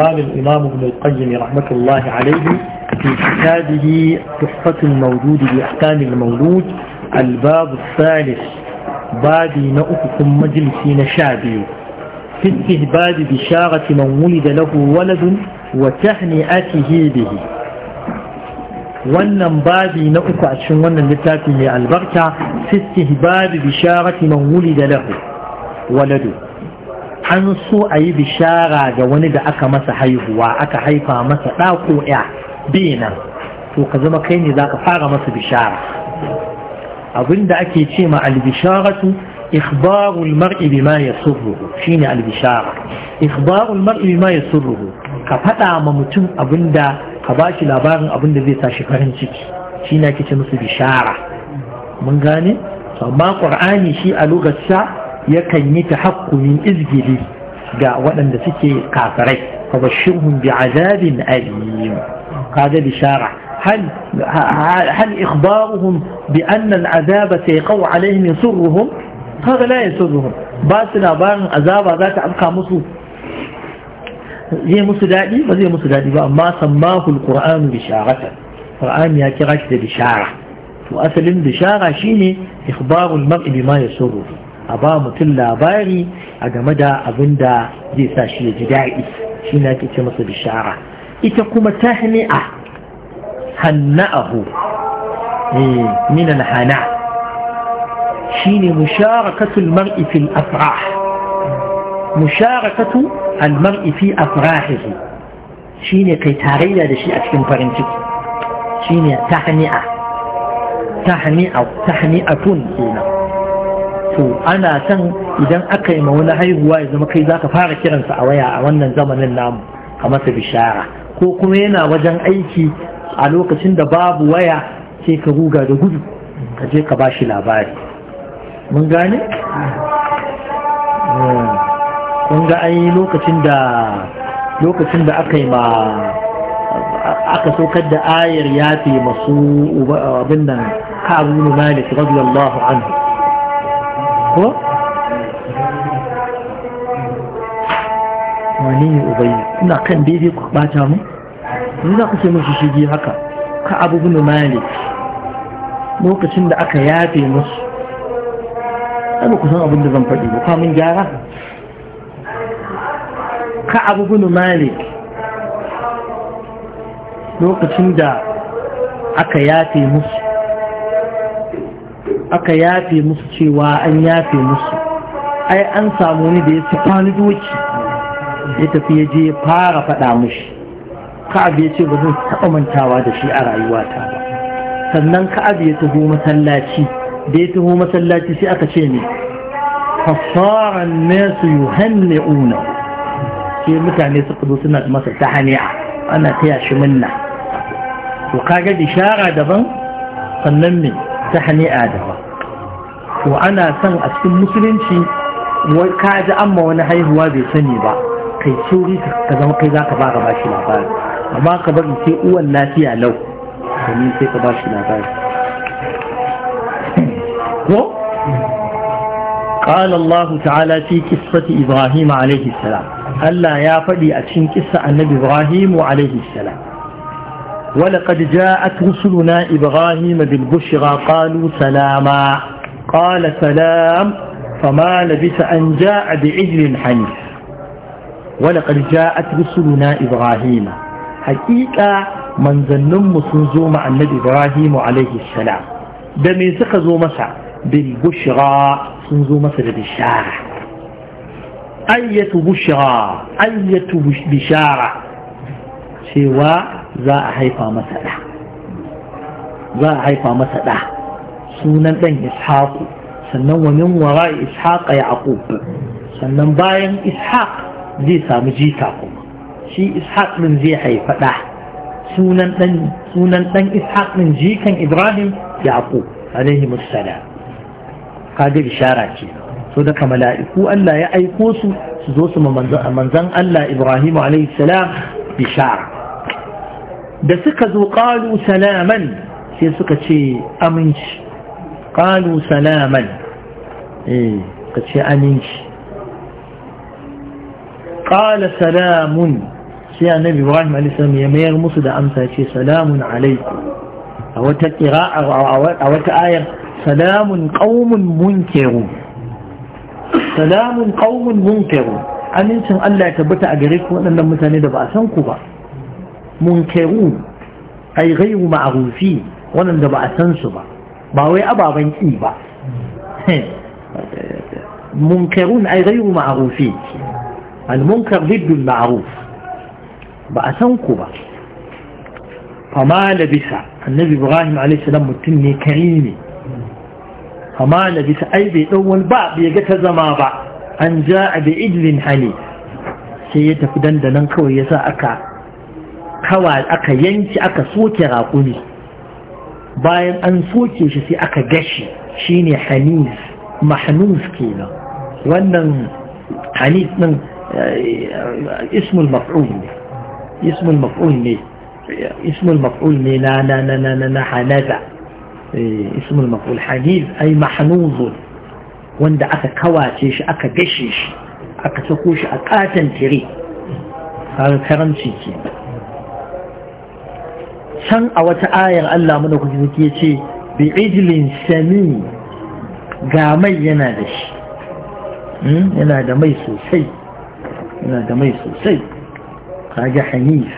قال الإمام ابن القيم رحمة الله عليه في كتابه تحفة المولود بأحكام المولود الباب الثالث بادي نؤفكم مجلس نشابي في استهباد بشارة من ولد له ولد وتهنئته به wannan babi na uku a cikin wannan littafi mai albarka من ولد bisharati man lahu waladu an so ayi bishara ga wani da aka masa haihuwa aka haifa masa ɗa ko ya nan to ka zama kai ne za ka fara masa bishara abinda ake ce ma albisharatu ikhbarul mar'i bima ya surruhu albishara ikhbarul ya surruhu ka faɗa ma mutum abinda ka bashi shi labarin abinda zai sa shi farin ciki shine ake ce musu bishara mun gane amma qur'ani shi a lokacin yakan yi tahakkumin izgili ga waɗanda suke kafirai fabashirhum bi'azabin alim kaga bishara هل هل إخبارهم بأن العذاب سيقع عليهم يسرهم هذا لا يسرهم باسنا بان عذاب ذات أبقى مصر زي مصر دادي وزي مصر دادي ما سماه القرآن بشارة القرآن يا كراش بشارة وأسل بشارة شيني إخبار المرء بما يسره a ba mutum labari a game da abin da zai sa shi ya ji daɗi shi na ke ce masa bishara ita kuma tahni'a hanna'ahu eh, minan hana shi ne musharakatul mar'i fil afrah musharakatu al mar'i fi afrahihi shi ne kai tarayya da shi a cikin farin ciki shi ne tahni'a tahni'a tun kenan to ana son idan aka yi wani haihuwa ya zama kai za ka fara kiransa a waya a wannan zamanin namu a masa bishara ko kuma yana wajen aiki a lokacin da babu waya sai ka ruga da gudu ka je ka bashi labari mun gane? Hmm. kun ga ai lokacin da lokacin da aka yi ma aka saukar da ayar fi masu abin nan ka abu malik radiyallahu anhu ko wani ubayi ina kan daidai ku bata mu in za ku ce musu shige haka ka abubuwan malik lokacin da aka yafe musu ana kusan abin da zan faɗi ba kwamin gyara ka abubuwan malik lokacin da aka yafe musu aka yafe musu cewa an yafe musu ai an samu ni da ya sifani doki ya tafi ya je ya fara faɗa mushi ka'ab ya ce ba zan taɓa mantawa da shi a rayuwata ba sannan ka'ab ya taho masallaci da ya taho masallaci sai aka ce ne fasaran nasu una. sai mutane suka zo suna masa tahani'a ana taya shi minna to kaga bishara daban sannan me ta hani'a da to ana son a cikin musulunci ka ji amma wani haihuwa bai sani ba kai sauri ka zama kai za ka ba ka shi labari amma ka bari sai uwan lafiya lau domin sai ka bashi labari ko قال الله تعالى في قصة إبراهيم عليه السلام ألا يا فدي أتشين قصة النبي إبراهيم عليه السلام ولقد جاءت رسلنا إبراهيم بالبشرى قالوا سلاما قال سلام فما لبث أن جاء بعجل حنيف ولقد جاءت رسلنا إبراهيم حقيقة من ظنم سنزوم عن نبي إبراهيم عليه السلام دمي سقزو مسع بالبشرى سنزو مسع بالشارع أية بشرى أية بشارة سوى za a haifa masa ɗa za a haifa masa ɗa sunan ɗan ishaku sannan wa min wara ishaqa yaqub sannan bayan ishaq zai samu jita kuma shi ishaq ɗin zai haifa ɗa sunan ɗan sunan ɗan ishaq ɗin jikan ibrahim yaqub alaihi musallam kaga bishara ce so daga mala'iku Allah ya aiko su su zo su manzan Allah Ibrahim alaihi salam bishara da suka zo ƙalu salaman sai suka ce aminci ƙalu salaman eh, ka ce aminci ƙala salamun sai annabi ibrahim alisalam ya mayar musu da amsa ce salamun alaikum a wata ƙira'ar a wata ayar salamun ƙaumun munkeru salamun ƙaumun munkeru amincin allah ya tabbata a gare ku waɗannan mutane da ba a san ku ba منكرون أي غير معروفين ونن دبع سنسبة باوي أبا بن إيبا منكرون أي غير معروفين المنكر ضد المعروف بأسنكوا فما لبس النبي إبراهيم عليه السلام متني كريمي فما لبس أي بأول بعض يجت زمابا أن جاء بإذن حليف سيتفدن دنان كوي أكا kawa aka yanki aka soke raƙumi bayan an soke shi sai aka gashi shine hanif mahnuf kenan wannan hanif din ismul maf'ul ne ismul maf'ul ne ismul maf'ul ne la la la la na na hanaza ismul maf'ul hanif ay mahnuz wanda aka kawace shi aka gashi shi aka sako shi a katan tire karanci kenan can a wata ayar Allah mana kuke suke ce bi ijlin sami ga mai yana da shi yana da mai sosai yana da mai sosai kaga hanif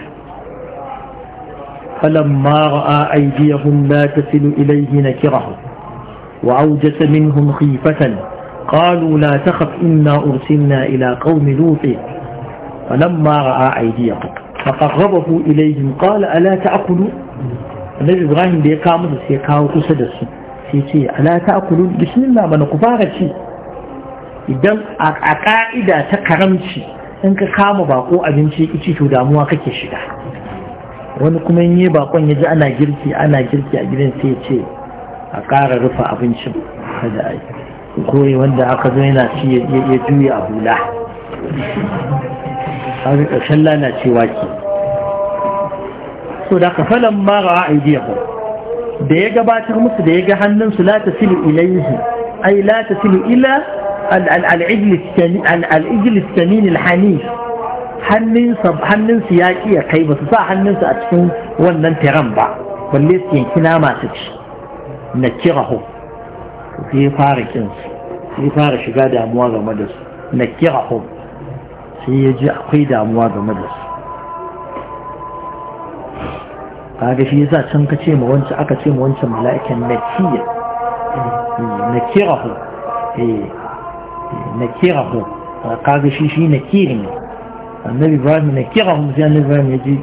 فلما رأى أيديهم لا تصل إليه نكره وأوجس منهم خيفة قالوا لا تخف إنا أرسلنا إلى قوم لوط فلما رأى أيديهم فقربه إليهم قال ألا تأكلوا النبي إبراهيم دي قام سي كاو كسا دسو سي سي ألا تأكلوا بسم الله من كفارة شي إذن أقاعدة تكرمشي إنك قام باقو أبن أبنشي إتي أكي كتشي wani kuma yi bakon ya ji ana girki ana girki a gidan sai ce a ƙara rufe abincin kada a yi wanda aka zo yana ci ya juya a hula kaga ƙarshen lalacewa ke so da ka falon mara a idiyahun da ya gabatar musu da ya ga hannunsu la ta silu ilaihi ai la ta ila al'ijilis kanin hannunsu ya ƙi ya kai ba su sa hannunsu a cikin wannan tiran ba balle su yanki su ci na kirahu sai fara kinsu fara shiga damuwa game da su na kirahu sai ya ji akwai damuwa game da su kaga shi yasa can ka ce ma wancan aka ce ma wancan mala'ikan nakiya nakirahu eh, nakirahu kaga shi shi nakirin annabi ibrahim nakirahu sai annabi ibrahim ya ji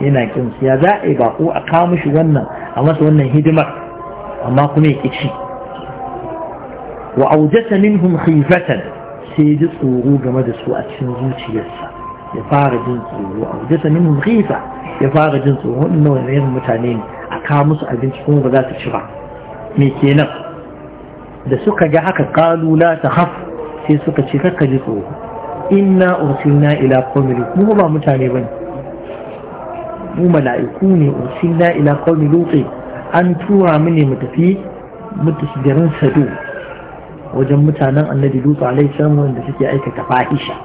yana kin ya za a yi bako a kawo mishi wannan a masa wannan hidimar amma kuma ya ki ci wa aujata minhum khifatan sai ji tsoro game da su a cikin zuciyarsa ya fara jin tsoro a wajen sanin mulkifa ya fara jin tsoro waɗannan wani irin mutane ne a kawo musu abinci kuma ba za su ci ba me kenan da suka ga haka kalu la ta haf sai suka ce kakka ji tsoro inna ursilna ila qawmin mu ba mutane bane mu mala'iku ne ursilna ila qawmin lutin an tura mu ne mu tafi mu garin sadu wajen mutanen annabi lutu alaihi salam wanda suke aikata fahisha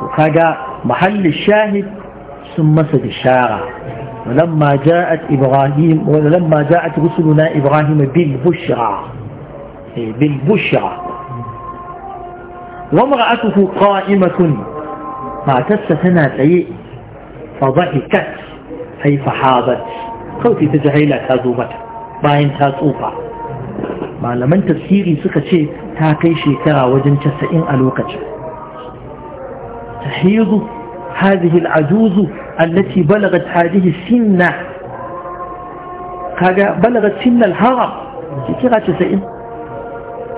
to kaga mahallin shahid sun masa bishara ولما جاءت إبراهيم ولما جاءت رسلنا إبراهيم بالبشرى بالبشرى وامرأته قائمة ما تستثنى سيء فضحكت أي فحابت خوتي تجهيلة تازومة باين تازوفة malaman tafsiri suka ce ta kai shekara wajen casa'in a lokacin balagat هذه sinna kaga balagat sinna al-haram shekara الهرم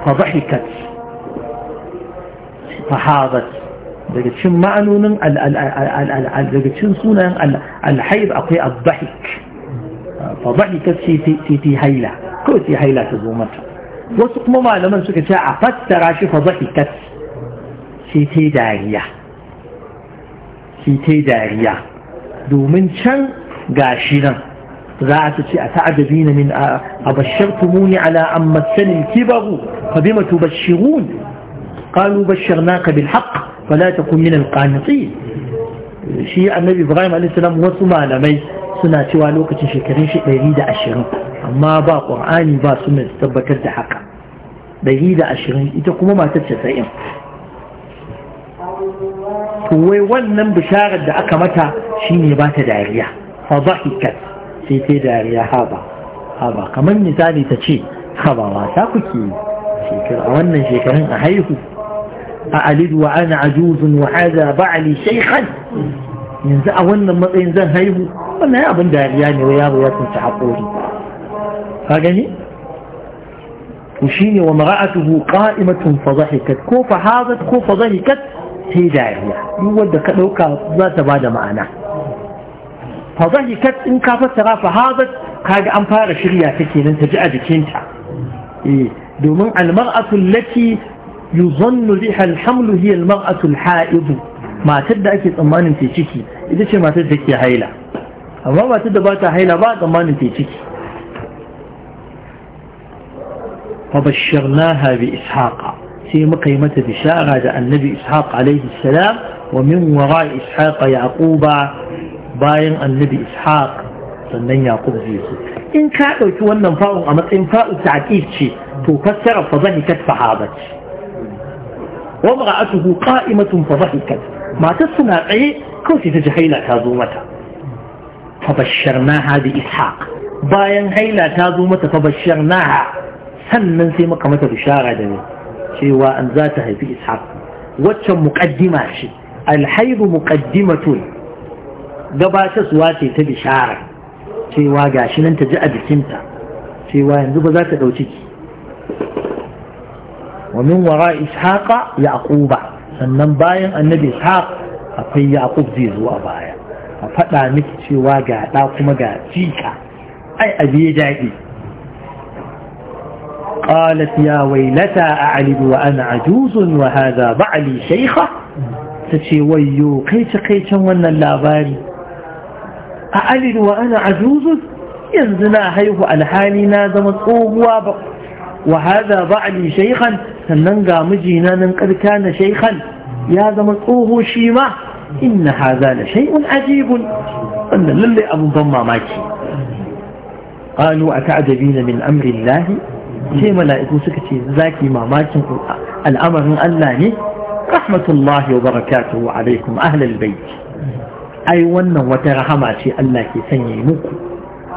fa تسئل fa فحاضت daga cin ma'anonin daga cin sunayen alhaib akwai al-zahik fa fadahikar ce ta haila kawai ti haila ta zo mata wasu kuma malaman suka ce a fassara shi fa zahikat sai ta dariya ta dariya domin can gashi nan za a ce a ta'adabi na min a bashar tumuni ala an matsalin kibaru fa bima tubashirun qalu basharnaka bil haqq fala takun min al qanitin shi annabi ibrahim alaihi salam wasu malamai suna cewa lokacin shekarun shi 120 amma ba ƙur'ani ba suna tabbatar da haka ɗari da ashirin ita kuma matar casa'in wai wannan bisharar da aka mata shine ba ta dariya fa zahikat sai ta dariya haba haba kamar misali ta ce haba wasa kuke a wannan shekarun a haihu a alidu wa ana ajuzun wa haza ba'ali shaykhan yanzu a wannan matsayin zan haihu wannan abin dariya ne wa yaro ya tsinci haƙori أغني وشيني ومرأته قائمة فضحكت كو فحاضت كو فضحكت هي داعية يود كأنوكا ذات بعد معنا فضحكت إن كافت ترى فحاضت كاق أمفار شريا تكين انت جعد كينتا إيه، دو منع المرأة التي يظن لها الحمل هي المرأة الحائض ما تد أكيد أمان انت شكي إذا شما تد ذكي هيلة أما ما تد باتا هيلة بعد أمان انت شكي فبشرناها بإسحاق في مقيمة بشارة النبي إسحاق عليه السلام ومن وراء إسحاق يعقوب باين النبي إسحاق فنن يعقوب زيسوك إن كانت وانا انفاؤه أما انفاؤه تعكيشي تفسر فضحكت فحابت ومرأته قائمة فضحكت ما تصنع ايه كنت تجحيلة تازومتها فبشرناها بإسحاق باين حيلة تازومتها فبشرناها sannan sai maka mata bishara da cewa an za ta haifi ishaq waccan muqaddima shi ce alhaibu muqaddimatun suwa ce ta bishara cewa gashi nan ta ji a jikinta cewa yanzu ba za ta dauki ki wa min wara ishaq yaquba sannan bayan annabi ishaq akwai yaqub zai zo a baya a fada miki cewa ga da kuma ga jika ai abi ya daɗi قالت يا ويلتى أعلم وأنا عجوز وهذا بعلي شيخة تشي ويو كيش كيش وانا اللاباري أعلم وأنا عجوز ينزنا هيه حالي نازم الصوب وابق وهذا بعلي شيخا سننقى مجينا قد كان شيخا يا زم الصوه شيما إن هذا لشيء عجيب أن للي أبو ضمى ماكي قالوا أتعجبين من أمر الله sai mala'iku suka ce zaki mamakin al'amarin Allah ne rahmatullahi wa barakatuhu alaikum ahlal bait ai wannan wata rahama ce Allah ke sanya muku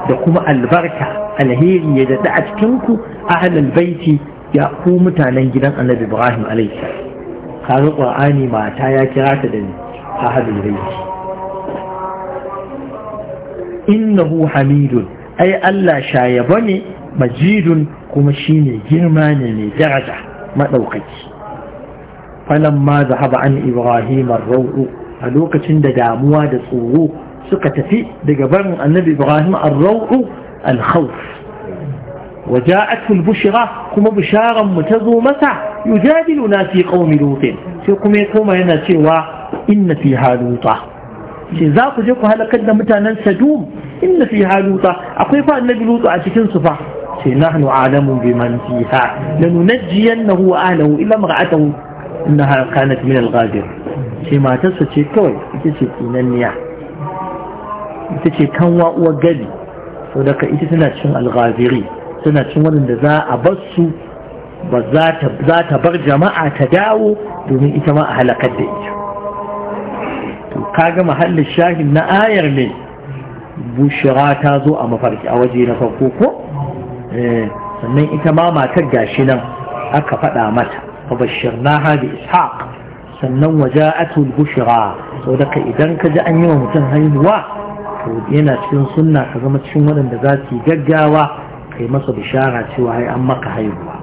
da kuma albarka alheri ya dada a cikin ku ahlal baiti ya ku mutanen gidan Annabi Ibrahim alaihi salam Qur'ani mata ya kira ta da ahlul baiti innahu hamidun ai Allah shayaba ne majidun kuma shi ne girma ne mai daraja maɗaukaki falon ma zahaba an ibrahim arrau'u a lokacin da damuwa da tsoro suka tafi daga barin annabi ibrahim arrau'u alhauf وجاءته ta zo masa, yau مسع يجادلنا fi قوم لوط sai kuma ya koma yana cewa inna fi haluta shi za ku je ku halakar da mutanen sadum inna fi haluta akwai fa annabi lutu a cikin su fa ce nahnu a'lamu biman fiha lanunajjiyannahu wa ahlihi illa mar'atahu innaha kanat min al-ghadir ce matarsa ce kawai ita ce tsinanniya ita ce kanwa uwar gadi saboda ita tana cin al-ghadiri tana cin waɗanda za a bar su ba za ta bar jama'a ta dawo domin ita ma a halakar da ita to kaga mahallin shahin na ayar ne bushira ta zo a mafarki a waje na farko ko Eh, sannan ita ma matar gashi nan aka faɗa mata fa bashirnaha bi ishaq sannan waja'atul bushra sau daga idan ka ji an yi wa mutum haihuwa to yana cikin sunna ka zama cikin waɗanda za su yi gaggawa kai masa bishara cewa ai an maka haihuwa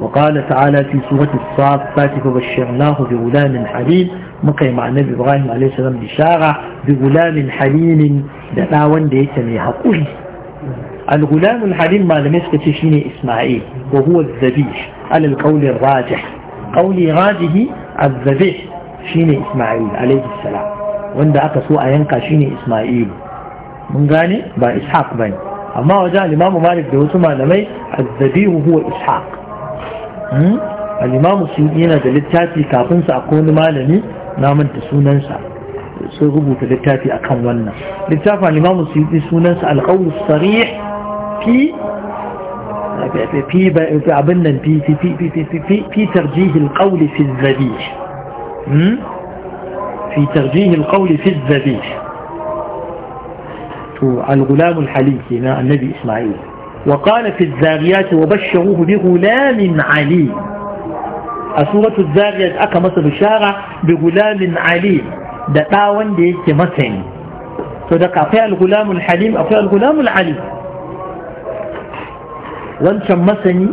وقال تعالى في سورة الصافات فبشرناه بغلام حليم makai مع النبي إبراهيم عليه السلام بشارة بغلام حليم wanda وان ديتني حقوه الغلام الحليم ما لم يسكت شيني إسماعيل وهو الذبيح على القول الراجح قولي راجه الذبيح شيني إسماعيل عليه السلام وعند أكسو أينقى شيني إسماعيل من غاني با إسحاق بني أما وجاء الإمام مالك دوتما لمي الذبيح هو إسحاق الإمام السيدين هذا للتاتي كافن سأكون مالني نامن تسونن سأكون sun rubuta littafi a kan wannan littafin limamu su yi في في في في في في في في في في, في ترجيح القول في الذبيح في ترجيه القول في الذبيح الغلام الحليم النبي إسماعيل وقال في الزاريات وبشروه بغلام عليم سورة الزاريات أكا مصر بغلام عليم دقاوان دي كمسن فده الغلام الحليم أفاء الغلام العليم wancan masani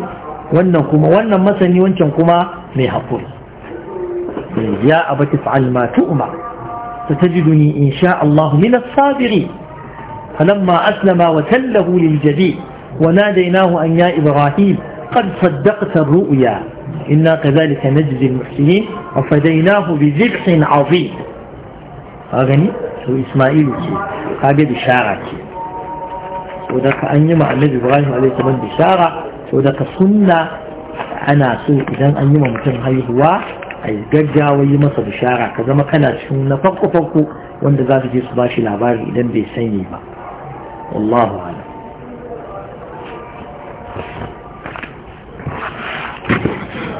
wannan kuma wannan masani wancan kuma mai haƙuri ya abati fa'al ma tu'ma satajiduni insha Allah min as-sabirin falamma aslama wa tallahu lil jadi wa nadainahu an ya ibrahim qad saddaqta ar-ru'ya inna kadhalika najzi al-muhsinin wa fadaynahu bi dhibhin 'azim ha gani to isma'il ce ka ga bishara ce to da ka an yi ma annabi ibrahim alaihi salam bishara to da ka sunna ana so idan an yi ma mutum haihuwa a gaggawa yi masa bishara ka zama kana cikin na farko farko wanda za su je su ba shi labari idan bai sani ba wallahu